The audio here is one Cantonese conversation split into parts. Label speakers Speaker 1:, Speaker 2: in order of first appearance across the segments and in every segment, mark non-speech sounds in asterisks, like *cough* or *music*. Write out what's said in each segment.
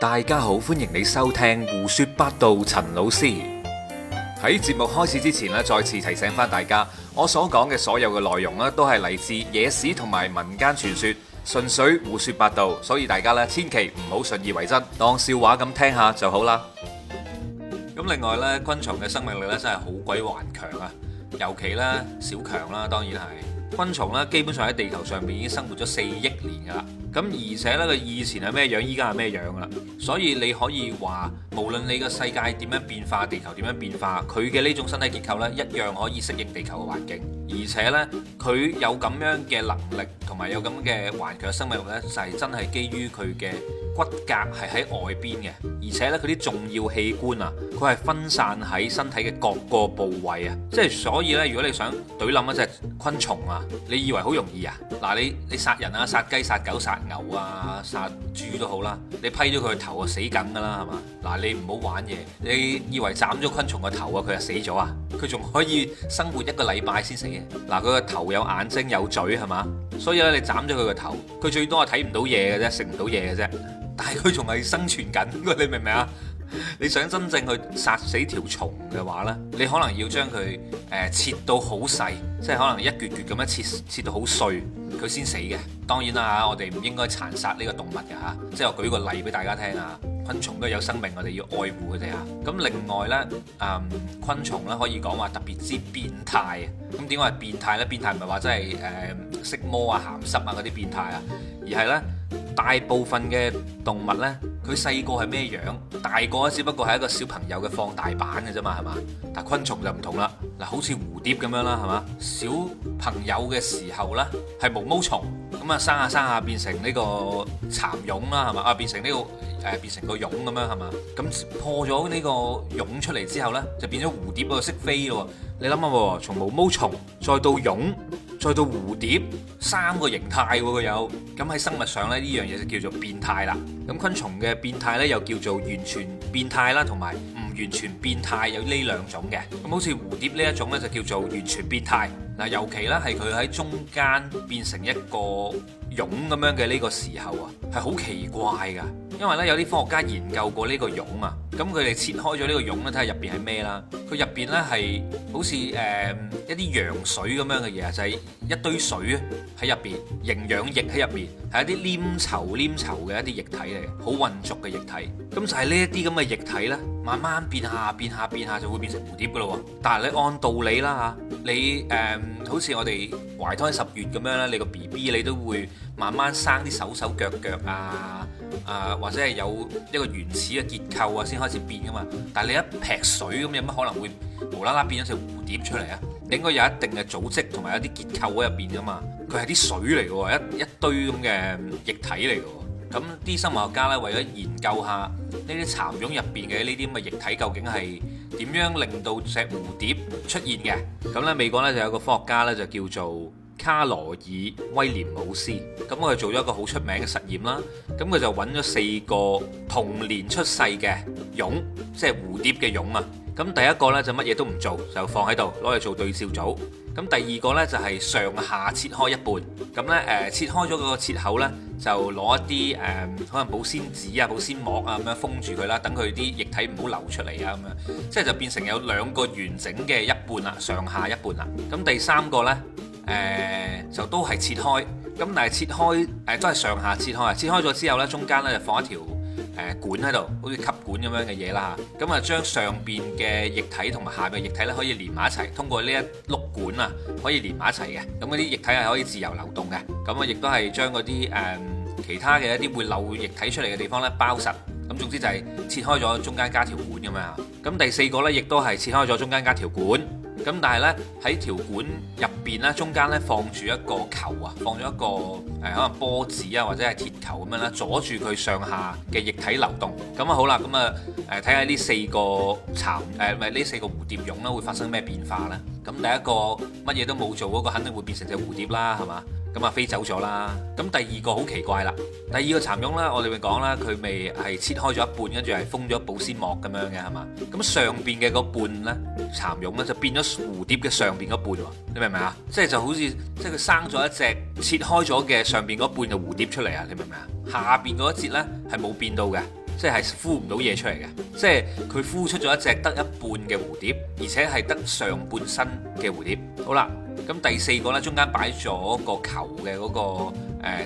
Speaker 1: 大家好，歡迎你收聽胡說八道。陳老師喺節目開始之前咧，再次提醒翻大家，我所講嘅所有嘅內容咧，都係嚟自野史同埋民間傳說，純粹胡說八道，所以大家咧千祈唔好信以為真，當笑話咁聽下就好啦。咁另外咧，昆蟲嘅生命力咧真係好鬼頑強啊，尤其咧小強啦，當然係。昆蟲咧基本上喺地球上面已經生活咗四億年噶啦，咁而且咧佢以前係咩樣，依家係咩樣噶啦，所以你可以話無論你個世界點樣變化，地球點樣變化，佢嘅呢種身體結構咧一樣可以適應地球嘅環境，而且呢，佢有咁樣嘅能力同埋有咁嘅頑強生命力咧，就係真係基於佢嘅骨骼係喺外邊嘅，而且呢，佢啲重要器官啊，佢係分散喺身體嘅各個部位啊，即係所以呢，如果你想懟冧一隻昆蟲啊，你以為好容易啊？嗱，你你殺人啊，殺雞、殺狗、殺牛啊，殺豬都好啦，你批咗佢個頭啊，死梗噶啦，係嘛？嗱，你唔好玩嘢，你以為斬咗昆蟲個頭啊，佢就死咗啊？佢仲可以生活一個禮拜先死嘅。嗱，佢個頭有眼睛，有嘴係嘛？所以咧，你斬咗佢個頭，佢最多係睇唔到嘢嘅啫，食唔到嘢嘅啫。但係佢仲係生存緊，你明唔明啊？你想真正去殺死條蟲嘅話呢，你可能要將佢誒、呃、切到好細，即係可能一撅撅咁樣切切到好碎，佢先死嘅。當然啦，我哋唔應該殘殺呢個動物嘅嚇、啊。即係我舉個例俾大家聽啊，昆蟲都有生命，我哋要愛護佢哋啊。咁另外呢，嗯，昆蟲咧可以講話特別之變態。咁點解係變態呢？變態唔係話真係誒色魔啊、鹹濕啊嗰啲變態啊，而係呢。大部分嘅動物呢，佢細個係咩樣，大個只不過係一個小朋友嘅放大版嘅啫嘛，係嘛？但昆蟲就唔同啦，嗱，好似蝴蝶咁樣啦，係嘛？小朋友嘅時候呢，係毛毛蟲，咁啊生下生下變成呢個蠶蛹啦，係嘛？啊，變成呢、這個誒、呃，變成個蛹咁樣，係嘛？咁破咗呢個蛹出嚟之後呢，就變咗蝴蝶嗰個識飛咯。你諗下喎，從毛毛蟲再到蛹，再到蝴蝶，三個形態佢有咁，喺生物上咧，呢樣嘢就叫做變態啦。咁昆蟲嘅變態呢，又叫做完全變態啦，同埋唔完全變態，有呢兩種嘅。咁好似蝴蝶呢一種呢，就叫做完全變態嗱，尤其呢，係佢喺中間變成一個蛹咁樣嘅呢個時候啊，係好奇怪噶，因為呢，有啲科學家研究過呢個蛹啊。咁佢哋切開咗呢個蛹咧，睇下入邊係咩啦？佢入邊呢係好似誒、呃、一啲羊水咁樣嘅嘢就係、是、一堆水喺入邊，營養液喺入邊，係一啲黏稠黏稠嘅一啲液體嚟，好渾濁嘅液體。咁就係呢一啲咁嘅液體呢，慢慢變下變下變下就會變成蝴蝶噶咯喎。但係你按道理啦嚇，你誒、呃、好似我哋懷胎十月咁樣啦，你個 BB 你都會慢慢生啲手手腳腳啊。啊，或者係有一個原始嘅結構啊，先開始變噶嘛。但係你一劈水咁，有乜可能會無啦啦變咗隻蝴蝶出嚟啊？你應該有一定嘅組織同埋一啲結構喺入邊噶嘛。佢係啲水嚟嘅，一一堆咁嘅液體嚟嘅。咁啲生物學家咧，為咗研究下呢啲蠶蛹入邊嘅呢啲咁嘅液體究竟係點樣令到隻蝴蝶出現嘅？咁咧，美國咧就有個科學家咧就叫做卡羅爾威廉姆斯咁，佢做咗一個好出名嘅實驗啦。咁佢就揾咗四個童年出世嘅蛹，即係蝴蝶嘅蛹啊。咁第一個呢，就乜嘢都唔做，就放喺度攞嚟做對照組。咁第二個呢，就係、是、上下切開一半，咁呢，誒、呃、切開咗個切口呢，就攞一啲誒、呃、可能保鮮紙啊、保鮮膜啊咁樣封住佢啦，等佢啲液體唔好流出嚟啊咁樣，即係就變成有兩個完整嘅一半啦，上下一半啦。咁第三個呢。誒、呃、就都係切開，咁但係切開誒、呃、都係上下切開啊！切開咗之後呢，中間呢就放一條誒、呃、管喺度，好似吸管咁樣嘅嘢啦咁啊，將、嗯、上邊嘅液體同埋下邊嘅液體呢，可以連埋一齊，通過呢一碌管啊，可以連埋一齊嘅。咁嗰啲液體係可以自由流動嘅。咁、嗯、啊，亦都係將嗰啲誒其他嘅一啲會漏液體出嚟嘅地方呢，包實。咁、嗯、總之就係切開咗，中間加條管咁樣。咁第四個呢，亦都係切開咗，中間加條管。咁但係呢，喺條管入邊呢，中間呢，放住一個球啊，放咗一個誒、欸、可能波子啊，或者係鐵球咁樣啦，阻住佢上下嘅液體流動。咁、嗯、啊好啦，咁啊誒睇下呢四個蠶誒咪呢四個蝴蝶蛹啦，會發生咩變化呢？咁、嗯、第一個乜嘢都冇做嗰、那個，肯定會變成隻蝴蝶啦，係嘛？咁啊，飛走咗啦。咁第二個好奇怪啦。第二個蠶蛹呢，我哋咪講啦，佢未係切開咗一半，跟住係封咗保鮮膜咁樣嘅，係嘛？咁上邊嘅嗰半呢，蠶蛹呢，就變咗蝴蝶嘅上邊嗰半喎。你明唔明啊？即係就好似，即係佢生咗一隻切開咗嘅上邊嗰半嘅蝴蝶出嚟啊！你明唔明啊？下邊嗰一節呢，係冇變到嘅。即係孵唔到嘢出嚟嘅，即係佢孵出咗一隻得一半嘅蝴蝶，而且係得上半身嘅蝴蝶。好啦，咁第四個呢，中間擺咗個球嘅嗰個。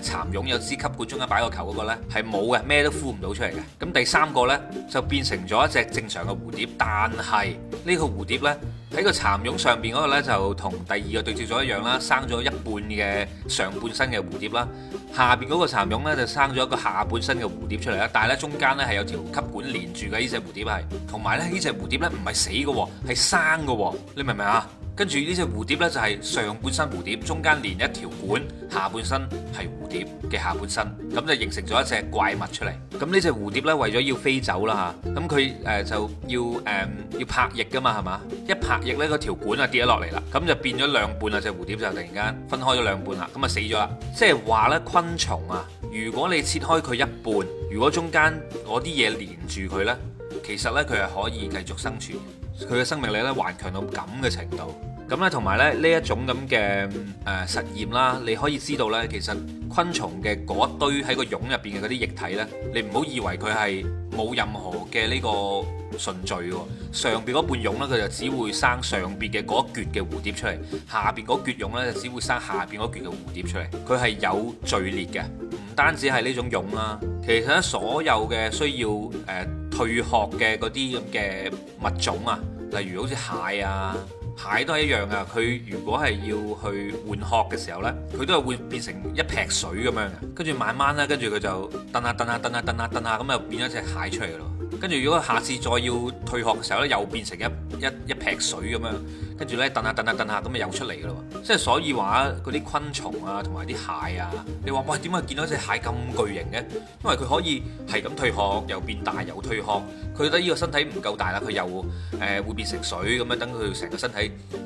Speaker 1: 誒蠶蛹有支吸管，中間擺個球嗰個咧係冇嘅，咩都孵唔到出嚟嘅。咁第三個呢，就變成咗一隻正常嘅蝴蝶，但係呢、呢個蝴蝶呢，喺個蠶蛹上邊嗰個咧就同第二個對接咗一樣啦，生咗一半嘅上半身嘅蝴蝶啦，下邊嗰個蠶蛹呢，就生咗一個下半身嘅蝴蝶出嚟啦。但係咧中間呢，係有條吸管連住嘅呢隻蝴蝶係，同埋咧呢隻蝴蝶呢，唔係死嘅喎，係生嘅喎，你明唔明啊？跟住呢隻蝴蝶呢，就係上半身蝴蝶，中間連一條管，下半身係蝴蝶嘅下半身，咁就形成咗一隻怪物出嚟。咁呢隻蝴蝶呢，為咗要飛走啦吓，咁佢誒就要誒、呃、要拍翼噶嘛係嘛，一拍翼呢，嗰條管啊跌咗落嚟啦，咁就變咗兩半啦，隻蝴蝶就突然間分開咗兩半啦，咁啊死咗啦。即係話咧昆蟲啊，如果你切開佢一半，如果中間攞啲嘢連住佢呢，其實呢，佢係可以繼續生存。佢嘅生命力咧，頑強到咁嘅程度。咁咧，同埋咧，呢一種咁嘅誒實驗啦，你可以知道呢，其實昆蟲嘅嗰一堆喺個蛹入邊嘅嗰啲液體呢，你唔好以為佢係冇任何嘅呢個順序嘅。上邊嗰半蛹呢，佢就只會生上邊嘅嗰一撅嘅蝴蝶出嚟；下邊嗰撅蛹呢，就只會生下邊嗰撅嘅蝴蝶出嚟。佢係有序列嘅，唔單止係呢種蛹啦，其實所有嘅需要誒。呃退殼嘅嗰啲咁嘅物種啊，例如好似蟹啊，蟹都係一樣啊。佢如果係要去換殼嘅時候呢，佢都係會變成一劈水咁樣嘅，跟住慢慢呢，跟住佢就掟下掟下掟下掟下掟下，咁又、啊啊啊啊、變咗隻蟹出嚟咯。跟住如果下次再要退殼嘅時候呢，又變成一一一劈水咁樣。跟住咧，等下等下等下，咁咪又出嚟咯。即係所以話，嗰啲昆蟲啊，同埋啲蟹啊，你話喂，點解見到隻蟹咁巨型嘅？因為佢可以係咁退殼，又變大，又退殼。佢覺得呢個身體唔夠大啦，佢又誒會變成水咁樣，等佢成個身體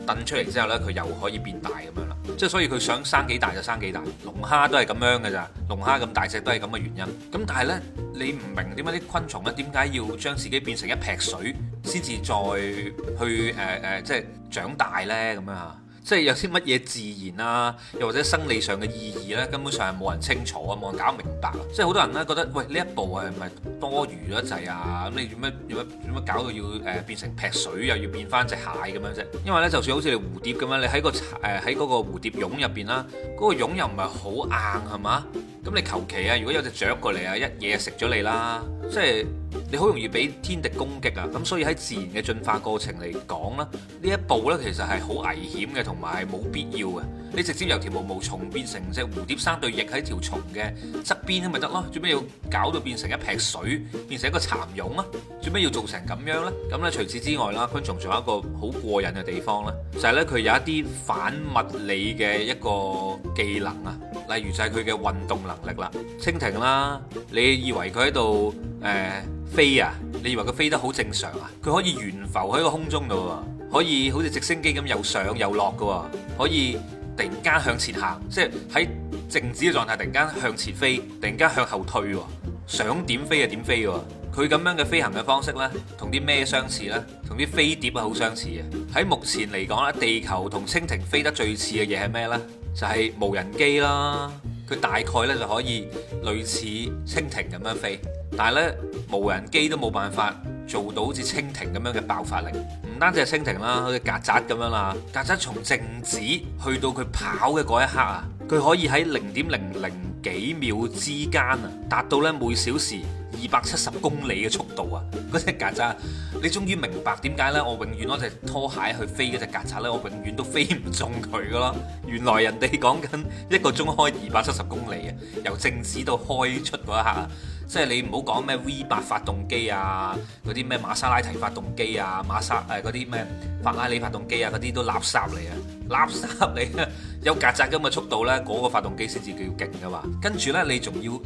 Speaker 1: 掟出嚟之後咧，佢又可以變大咁樣啦。即係所以佢想生幾大就生幾大。龍蝦都係咁樣嘅咋，龍蝦咁大隻都係咁嘅原因。咁但係咧，你唔明點解啲昆蟲咧，點解要將自己變成一撇水？先至再去誒誒、呃呃，即係長大呢，咁樣啊！即係有啲乜嘢自然啦、啊，又或者生理上嘅意義呢、啊，根本上係冇人清楚啊，冇人搞明白啊！即係好多人呢，覺得，喂呢一步係咪多餘咗一滯啊？咁你做咩做咩搞到要誒、呃、變成劈水，又要變返隻蟹咁樣啫？因為呢，就算好似你蝴蝶咁樣，你喺個誒喺嗰個蝴蝶蛹入邊啦，嗰、那個蛹又唔係好硬係嘛？咁你求其啊，如果有隻雀過嚟啊，一嘢就食咗你啦！即係。你好容易俾天敵攻擊啊！咁所以喺自然嘅進化過程嚟講咧，呢一步呢其實係好危險嘅，同埋係冇必要嘅。你直接由條毛毛蟲變成隻蝴蝶，生對翼喺條蟲嘅側邊咁咪得咯？做咩要搞到變成一撇水，變成一個蠶蛹啊？做咩要做成咁樣呢？咁呢除此之外啦，昆蟲仲有一個好過癮嘅地方啦，就係呢，佢有一啲反物理嘅一個技能啊，例如就係佢嘅運動能力啦，蜻蜓啦，你以為佢喺度誒？欸飛啊！你以為佢飛得好正常啊？佢可以懸浮喺個空中度啊，可以好似直升機咁又上又落嘅啊，可以突然間向前行，即係喺靜止嘅狀態突然間向前飛，突然間向後退啊，想點飛就點飛啊。佢咁樣嘅飛行嘅方式呢，同啲咩相似呢？同啲飛碟啊好相似嘅。喺目前嚟講呢，地球同蜻蜓飛得最似嘅嘢係咩呢？就係無人機啦。佢大概呢就可以類似蜻蜓咁樣飛。但係咧，無人機都冇辦法做到好似蜻蜓咁樣嘅爆發力。唔單止係蜻蜓啦，好似曱甴咁樣啦，曱甴從靜止去到佢跑嘅嗰一刻啊，佢可以喺零點零零幾秒之間啊，達到咧每小時二百七十公里嘅速度啊！嗰隻曱甴，你終於明白點解呢。我永遠攞隻拖鞋去飛嗰隻曱甴呢，我永遠都飛唔中佢噶咯！原來人哋講緊一個鐘開二百七十公里啊，由靜止到開出嗰一下，即係你唔好講咩 V 八發動機啊，嗰啲咩馬莎拉提發動機啊，馬莎，誒，嗰啲咩法拉利發動機啊，嗰啲都垃圾嚟啊！垃圾你啊， *laughs* 有曱甴咁嘅速度呢，嗰個發動機先至叫勁㗎嘛。跟住呢，你仲要誒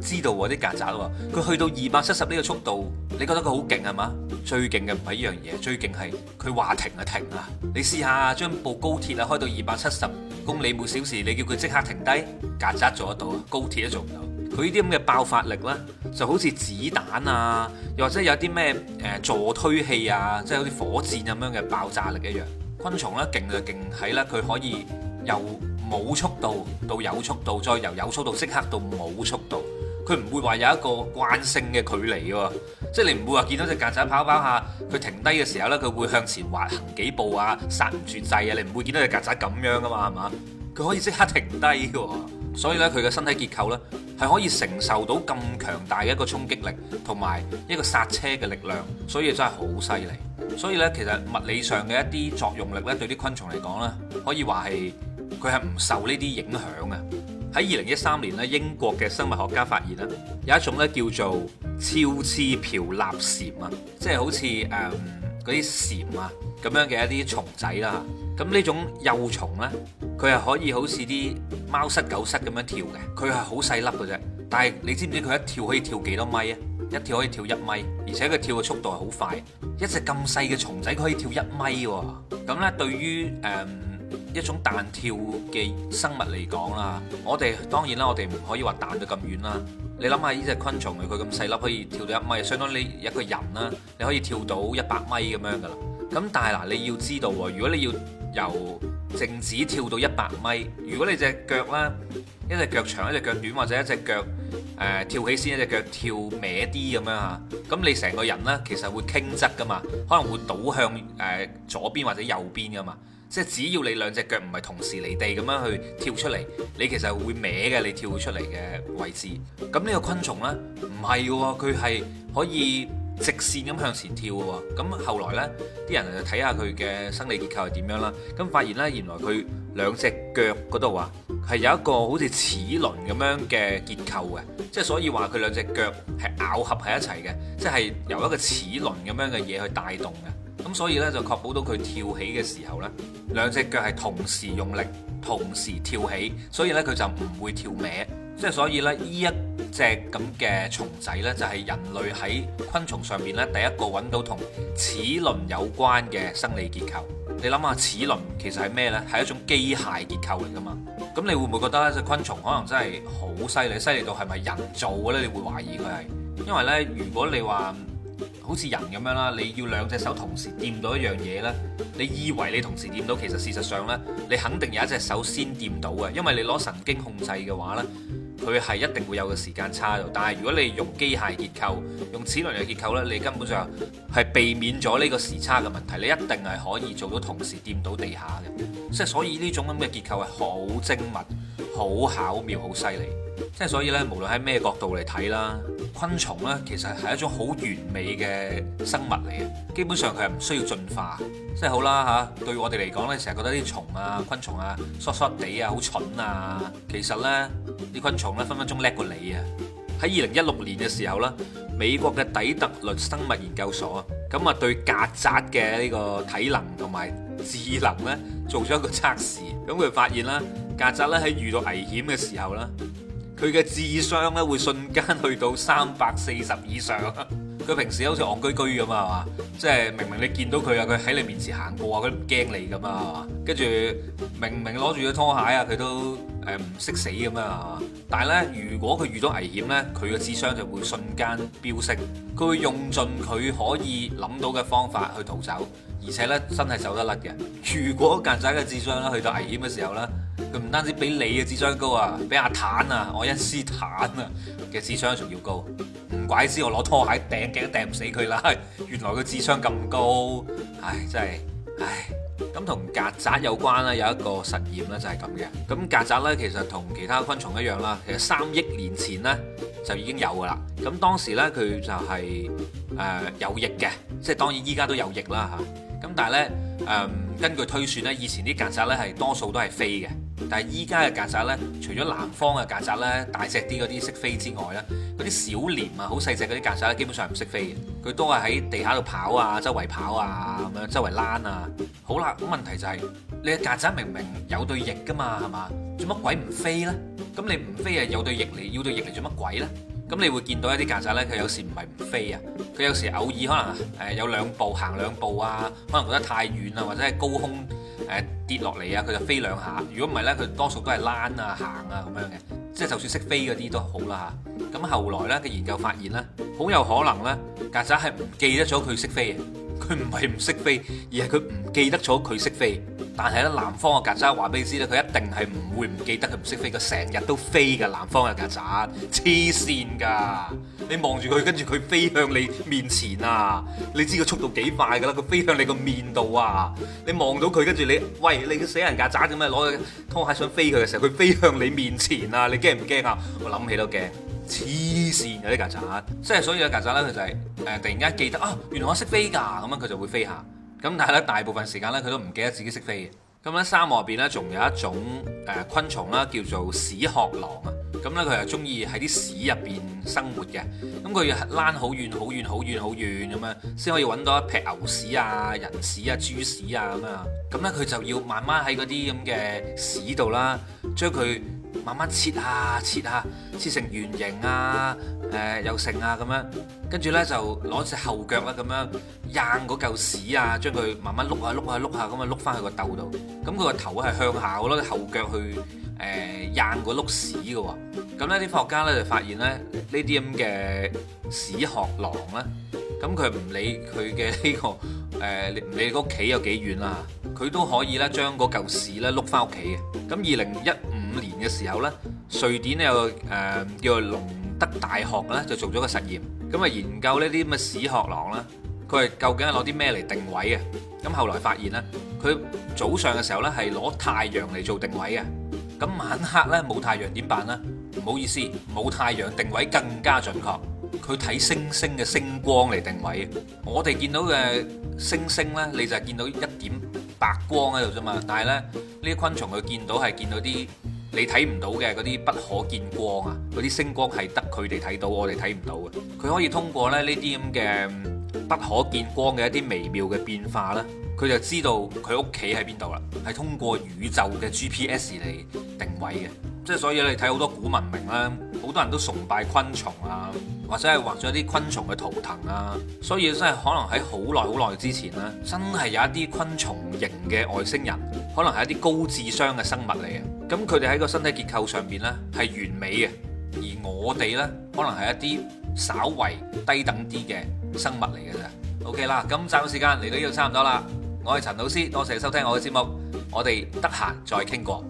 Speaker 1: 知道喎啲曱甴喎，佢去到二百七十呢個速度，你覺得佢好勁係嘛？最勁嘅唔係一樣嘢，最勁係佢話停啊停啊！你試下將部高鐵啊開到二百七十公里每小時，你叫佢即刻停低，曱甴做得到，高鐵都做唔到。佢呢啲咁嘅爆發力呢，就好似子彈啊，又或者有啲咩誒助推器啊，即係好似火箭咁樣嘅爆炸力一樣。昆蟲咧勁就勁喺啦，佢可以由冇速度到有速度，再由有速度即刻到冇速度。佢唔會話有一個慣性嘅距離喎，即係你唔會話見到隻曱甴跑跑下，佢停低嘅時候咧，佢會向前滑行幾步啊，剎唔住掣啊，你唔會見到隻曱甴咁樣噶嘛，係嘛？佢可以即刻停低嘅。所以咧，佢嘅身體結構咧，係可以承受到咁強大嘅一個衝擊力，同埋一個剎車嘅力量，所以真係好犀利。所以咧，其實物理上嘅一啲作用力咧，對啲昆蟲嚟講咧，可以話係佢係唔受呢啲影響嘅。喺二零一三年咧，英國嘅生物學家發現咧，有一種咧叫做超翅瓢蠟蟬啊，即係好似誒嗰啲蟬啊咁樣嘅一啲蟲仔啦。咁呢種幼蟲呢，佢係可以好似啲貓虱狗虱咁樣跳嘅，佢係好細粒嘅啫。但係你知唔知佢一跳可以跳幾多米啊？一跳可以跳一米，而且佢跳嘅速度係好快。一隻咁細嘅蟲仔佢可以跳一米喎。咁、嗯、呢，對於誒、嗯、一種彈跳嘅生物嚟講啦，我哋當然啦，我哋唔可以話彈到咁遠啦。你諗下呢隻昆蟲佢咁細粒可以跳到一米，相當你一個人啦，你可以跳到一百米咁樣噶啦。咁但係嗱，你要知道喎，如果你要由靜止跳到一百米，如果你隻腳咧，一隻腳長，一隻腳短，或者一隻腳誒、呃、跳起先，一隻腳跳歪啲咁樣嚇，咁你成個人呢，其實會傾側噶嘛，可能會倒向誒、呃、左邊或者右邊噶嘛，即係只要你兩隻腳唔係同時離地咁樣去跳出嚟，你其實會歪嘅，你跳出嚟嘅位置。咁呢個昆蟲呢，唔係喎，佢係可以，直線咁向前跳嘅喎，咁後來呢啲人就睇下佢嘅生理結構係點樣啦，咁發現呢，原來佢兩隻腳嗰度啊，係有一個好似齒輪咁樣嘅結構嘅，即係所以話佢兩隻腳係咬合喺一齊嘅，即係由一個齒輪咁樣嘅嘢去帶動嘅，咁所以呢，就確保到佢跳起嘅時候呢，兩隻腳係同時用力，同時跳起，所以呢，佢就唔會跳歪。即係所以咧，呢一隻咁嘅蟲仔呢，就係人類喺昆蟲上面呢，第一個揾到同齒輪有關嘅生理結構。你諗下齒輪其實係咩呢？係一種機械結構嚟噶嘛？咁你會唔會覺得呢隻昆蟲可能真係好犀利，犀利到係咪人造嘅呢？你會懷疑佢係？因為呢，如果你話好似人咁樣啦，你要兩隻手同時掂到一樣嘢呢，你以為你同時掂到，其實事實上呢，你肯定有一隻手先掂到嘅，因為你攞神經控制嘅話呢。佢係一定會有個時間差度，但係如果你用機械結構，用齒輪嘅結構呢，你根本上係避免咗呢個時差嘅問題。你一定係可以做到同時掂到地下嘅，即係所以呢種咁嘅結構係好精密、好巧妙、好犀利。即係所以呢，無論喺咩角度嚟睇啦，昆蟲呢其實係一種好完美嘅生物嚟嘅。基本上佢係唔需要進化，即係好啦嚇。對我哋嚟講呢，成日覺得啲蟲啊、昆蟲啊，傻傻哋啊，好蠢啊。其實呢。啲昆蟲咧分分鐘叻過你啊！喺二零一六年嘅時候啦，美國嘅底特律生物研究所啊，咁、嗯、啊對曱甴嘅呢個體能同埋智能咧做咗一個測試，咁、嗯、佢發現啦，曱甴咧喺遇到危險嘅時候啦，佢嘅智商咧會瞬間去到三百四十以上。佢平時好似戇居居咁啊，係嘛？即係明明你見到佢啊，佢喺你面前行過啊，佢唔驚你咁啊，係嘛？跟住明明攞住個拖鞋啊，佢都。誒，唔識死咁樣！但係呢，如果佢遇到危險呢，佢嘅智商就會瞬間飆升，佢會用盡佢可以諗到嘅方法去逃走，而且呢，真係走得甩嘅。如果曱甴嘅智商咧去到危險嘅時候呢，佢唔單止比你嘅智商高啊，比阿坦啊、愛因斯坦啊嘅智商仲要高。唔怪之，我攞拖鞋掟、頸掟唔死佢啦，原來佢智商咁高，唉，真係，唉。咁同曱甴有關咧，有一個實驗咧就係咁嘅。咁曱甴咧其實同其他昆蟲一樣啦，其實三億年前咧就已經有㗎啦。咁當時咧佢就係、是、誒、呃、有翼嘅，即係當然依家都有翼啦嚇。咁但係咧誒根據推算咧，以前啲曱甴咧係多數都係飛嘅。但係依家嘅曱甴咧，除咗南方嘅曱甴咧大隻啲嗰啲識飛之外咧，嗰啲小蟻啊，好細隻嗰啲曱甴咧，基本上唔識飛嘅。佢都係喺地下度跑啊，周圍跑啊，咁樣周圍躝啊。好啦，咁問題就係你嘅曱甴明明有對翼噶嘛，係嘛？做乜鬼唔飛咧？咁你唔飛啊？有對翼嚟，要對翼嚟做乜鬼咧？咁你會見到一啲曱甴咧，佢有時唔係唔飛啊，佢有時偶爾可能誒有兩步行兩步啊，可能覺得太遠啊，或者係高空。跌落嚟啊，佢就飛兩下。如果唔係呢，佢多數都係躝啊、行啊咁樣嘅。即係就算識飛嗰啲都好啦咁、啊、後來呢，嘅研究發現呢，好有可能呢，曱甴係唔記得咗佢識飛。佢唔係唔識飛，而係佢唔記得咗佢識飛。但係呢，南方嘅曱甴話俾你知呢，佢一定係唔會唔記得佢唔識飛。佢成日都飛㗎，南方嘅曱甴，黐線㗎。你望住佢，跟住佢飛向你面前啊！你知個速度幾快㗎啦？佢飛向你個面度啊！你望到佢，跟住你，喂，你個死人曱甴點解攞個拖鞋想飛佢嘅時候，佢飛向你面前啊！你驚唔驚啊？我諗起都驚，黐線啊啲曱甴！即係所以有曱甴咧，佢就係、是、誒、呃、突然間記得啊，原來我識飛㗎咁樣，佢就會飛下。咁但係咧，大部分時間咧，佢都唔記得自己識飛嘅。咁喺沙漠入邊咧，仲有一種誒、呃、昆蟲啦，叫做屎殼螂。咁咧，佢又中意喺啲屎入邊生活嘅。咁佢要躝好遠、好遠、好遠、好遠咁樣，先可以揾到一撇牛屎啊、人屎啊、豬屎啊咁樣。咁咧，佢就要慢慢喺嗰啲咁嘅屎度啦，將佢慢慢切下、啊、切下、啊，切成圓形啊、誒、呃、又成啊咁樣。跟住咧就攞隻後腳啊咁樣硬嗰嚿屎啊，將佢慢慢碌下、碌下、碌下咁樣碌翻去個竇度。咁佢個頭係向下嘅咯，後腳去。誒硬過碌屎嘅喎，咁呢啲科學家呢，就發現咧呢啲咁嘅屎殼狼咧，咁佢唔理佢嘅呢個誒，唔理個屋企有幾遠啦，佢都可以咧將嗰嚿屎呢碌翻屋企嘅。咁二零一五年嘅時候呢，瑞典有個誒、呃、叫做隆德大學呢，就做咗個實驗，咁啊研究呢啲咁嘅屎殼狼咧，佢係究竟係攞啲咩嚟定位嘅？咁後來發現呢，佢早上嘅時候呢，係攞太陽嚟做定位嘅。咁晚黑呢冇太陽點辦呢？唔好意思，冇太陽定位更加準確，佢睇星星嘅星光嚟定位。我哋見到嘅星星呢，你就係見到一點白光喺度啫嘛。但係呢，呢啲昆蟲佢見到係見到啲你睇唔到嘅嗰啲不可見光啊，嗰啲星光係得佢哋睇到，我哋睇唔到嘅。佢可以通過咧呢啲咁嘅不可見光嘅一啲微妙嘅變化啦。佢就知道佢屋企喺邊度啦，係通過宇宙嘅 GPS 嚟定位嘅。即係所以你睇好多古文明啦，好多人都崇拜昆蟲啊，或者係畫咗啲昆蟲嘅圖騰啊，所以真係可能喺好耐好耐之前咧，真係有一啲昆蟲型嘅外星人，可能係一啲高智商嘅生物嚟嘅，咁佢哋喺個身體結構上邊呢，係完美嘅，而我哋呢，可能係一啲稍為低等啲嘅生物嚟嘅啫。OK 啦，咁暫時間嚟到呢度差唔多啦。我係陳老師，多謝收聽我嘅節目。我哋得閒再傾過。